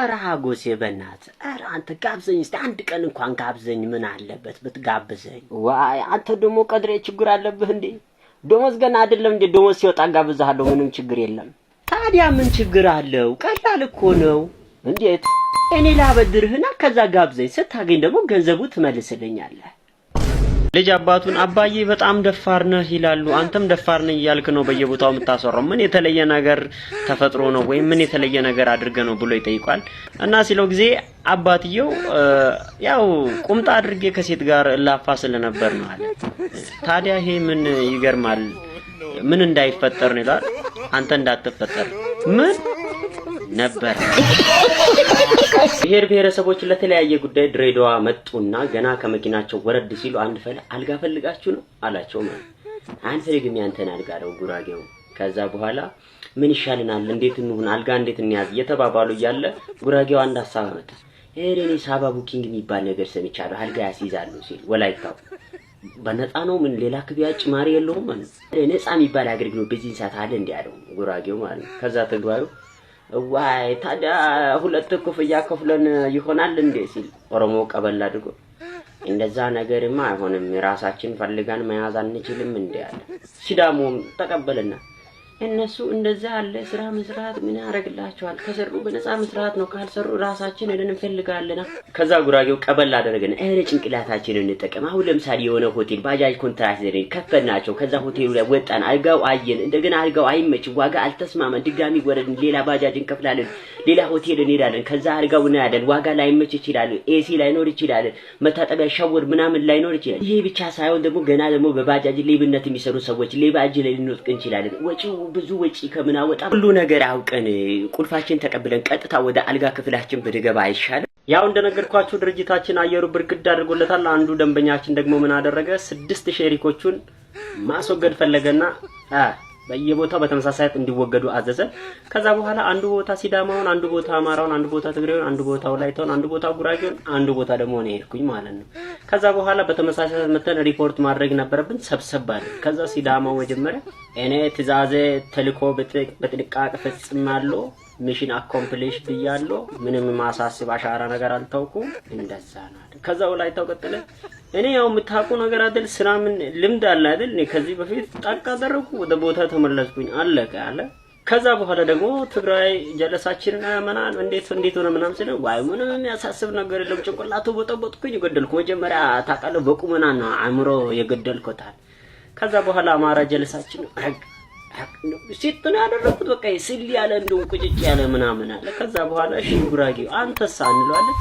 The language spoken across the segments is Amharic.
ኧረ ሀጎሴ በእናትህ ኧረ አንተ ጋብዘኝ እስኪ አንድ ቀን እንኳን ጋብዘኝ። ምን አለበት ብትጋብዘኝ? ዋይ አንተ ደግሞ ቀድሬ ችግር አለብህ እንዴ? ደሞዝ ገና አይደለም እንዴ? ደሞዝ ሲወጣ ጋብዝሃለሁ። ምንም ችግር የለም። ታዲያ ምን ችግር አለው? ቀላል እኮ ነው። እንዴት? እኔ ላበድርህና ከዛ ጋብዘኝ። ስታገኝ ደግሞ ገንዘቡ ትመልስልኛለህ። ልጅ አባቱን አባዬ በጣም ደፋር ነህ ይላሉ። አንተም ደፋር ነህ እያልክ ነው በየቦታው የምታሰራው። ምን የተለየ ነገር ተፈጥሮ ነው ወይም ምን የተለየ ነገር አድርገ ነው ብሎ ይጠይቋል። እና ሲለው ጊዜ አባትየው ያው ቁምጣ አድርጌ ከሴት ጋር እላፋ ስለነበር ነው አለ። ታዲያ ይሄ ምን ይገርማል? ምን እንዳይፈጠር ነው ይላል። አንተ እንዳትፈጠር ምን ነበር። ብሔር ብሔረሰቦች ለተለያየ ጉዳይ ድሬዳዋ መጡና ገና ከመኪናቸው ወረድ ሲሉ አንድ ፈለ አልጋ ፈልጋችሁ ነው አላቸው። ማለት አንፈልግም ያንተን አልጋ አለው ጉራጌው። ከዛ በኋላ ምን ይሻልናል፣ እንዴት እንሁን፣ አልጋ እንዴት እንያዝ እየተባባሉ እያለ ጉራጌው አንድ ሀሳብ አመጣ። እኔ ሳባ ቡኪንግ የሚባል ነገር ሰምቻለሁ አልጋ ያስይዛሉ ሲል ወላይታው በነፃ ነው ምን ሌላ ክብያ ጭማሪ የለውም ማለት ነፃ የሚባል አገልግሎት በዚህን ሰዓት አለ እንዲያለው ጉራጌው ማለት ነው። ከዛ ተግባሩ ዋይ ታዲያ ሁለት ክፍያ ከፍለን ይሆናል እንዴ? ሲል ኦሮሞ ቀበል አድርጎ እንደዛ ነገርማ አይሆንም፣ ራሳችን ፈልጋን መያዝ አንችልም እንዴ አለ። ሲዳሞም ተቀበልና እነሱ እንደዛ ያለ ስራ መስራት ምን ያደርግላቸዋል? ከሰሩ በነፃ መስራት ነው። ካልሰሩ ራሳችን ሄደን እንፈልጋለን። ከዛ ጉራጌው ቀበል አደረገን። እረ ጭንቅላታችን እንጠቀም። አሁን ለምሳሌ የሆነ ሆቴል ባጃጅ ኮንትራት ዘሬ ከፈናቸው። ከዛ ሆቴሉ ላይ ወጣን፣ አልጋው አየን። እንደገና አልጋው አይመች ዋጋ አልተስማመን። ድጋሚ ወረድን፣ ሌላ ባጃጅ እንከፍላለን፣ ሌላ ሆቴል እንሄዳለን። ከዛ አልጋው እናያለን፣ ዋጋ ላይመች ይችላል፣ ኤሲ ላይኖር ይችላል፣ መታጠቢያ ሻወር ምናምን ላይኖር ይችላል። ይሄ ብቻ ሳይሆን ደግሞ ገና ደግሞ በባጃጅ ሌብነት የሚሰሩ ሰዎች ሌባ እጅ ላይ ልንወጥቅ እንችላለን። ወጪው ብዙ ወጪ ከምናወጣ ሁሉ ነገር አውቀን ቁልፋችን ተቀብለን ቀጥታ ወደ አልጋ ክፍላችን ብንገባ አይሻልም? ያው እንደነገርኳችሁ ድርጅታችን አየሩ ብርግድ አድርጎለታል። አንዱ ደንበኛችን ደግሞ ምን አደረገ? ስድስት ሼሪኮቹን ማስወገድ ፈለገና በየቦታው በተመሳሳይ እንዲወገዱ አዘዘ። ከዛ በኋላ አንዱ ቦታ ሲዳማውን፣ አንዱ ቦታ አማራውን፣ አንዱ ቦታ ትግሬውን፣ አንዱ ቦታ ወላይታውን፣ አንዱ ቦታ ጉራጌውን፣ አንዱ ቦታ ደግሞ እኔ ሄድኩኝ ማለት ነው። ከዛ በኋላ በተመሳሳይ መተን ሪፖርት ማድረግ ነበረብን። ሰብሰብ አለ። ከዛ ሲዳማ መጀመሪያ እኔ ትእዛዜ ተልኮ በጥንቃቄ ፈጽማለሁ፣ ሚሽን አኮምፕሊሽ ብያለሁ፣ ምንም ማሳስብ አሻራ ነገር አልታውኩም። እንደዛ ነው። ከዛ ላይ ቀጠለ። እኔ ያው የምታውቁ ነገር አይደል ስራ ምን ልምድ አለ አይደል ከዚህ በፊት ጣቃ አደረኩ፣ ወደ ቦታ ተመለስኩኝ፣ አለቀ አለ ከዛ በኋላ ደግሞ ትግራይ ጀለሳችንን አያመናን እንዴት እንዴት ሆነ ምናም ስለ ዋይ ምንም የሚያሳስብ ነገር የለም። ጭንቅላቱ በጠበጥኩኝ የገደልኩ መጀመሪያ ታውቃለህ፣ በቁመና ነው አእምሮ የገደልኩታል። ከዛ በኋላ አማራ ጀለሳችን ሲጥ ነው ያደረኩት። በቃ ስል ያለ እንደው ቁጭጭ ያለ ምናምን አለ። ከዛ በኋላ እሺ ጉራጌው አንተሳ እንለዋለን።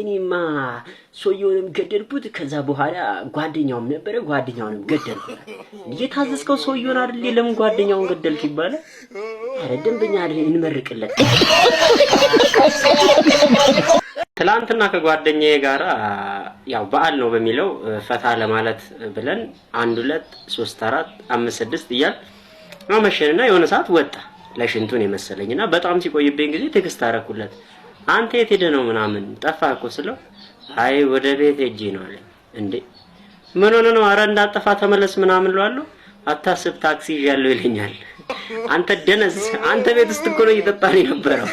እኔማ ሰውየውንም ገደልኩት። ከዛ በኋላ ጓደኛውም ነበረ፣ ጓደኛውንም ገደልኩት። እየታዘዝከው ሰውየውን አይደል? ለምን ጓደኛውን ገደልክ ይባላል። አረ ደንበኛ አይደል? እንመርቅለት። ትላንትና ከጓደኛዬ ጋር ያው በዓል ነው በሚለው ፈታ ለማለት ብለን አንድ ሁለት ሶስት አራት አምስት ስድስት እያል አመሸንና የሆነ ሰዓት ወጣ ለሽንቱን የመሰለኝና በጣም ሲቆይብኝ ጊዜ ትዕግስት አደረኩለት። አንተ የት ሄደህ ነው ምናምን ጠፋህ እኮ ስለው አይ ወደ ቤት ሄጄ ነው አለ። እንዴ ምን ሆነ ነው? አረ እንዳጠፋ ተመለስ ምናምን እለዋለሁ። አታስብ ታክሲ ይዣለሁ ይለኛል። አንተ ደነስ፣ አንተ ቤት ውስጥ እኮ ነው እየጠጣን የነበረው።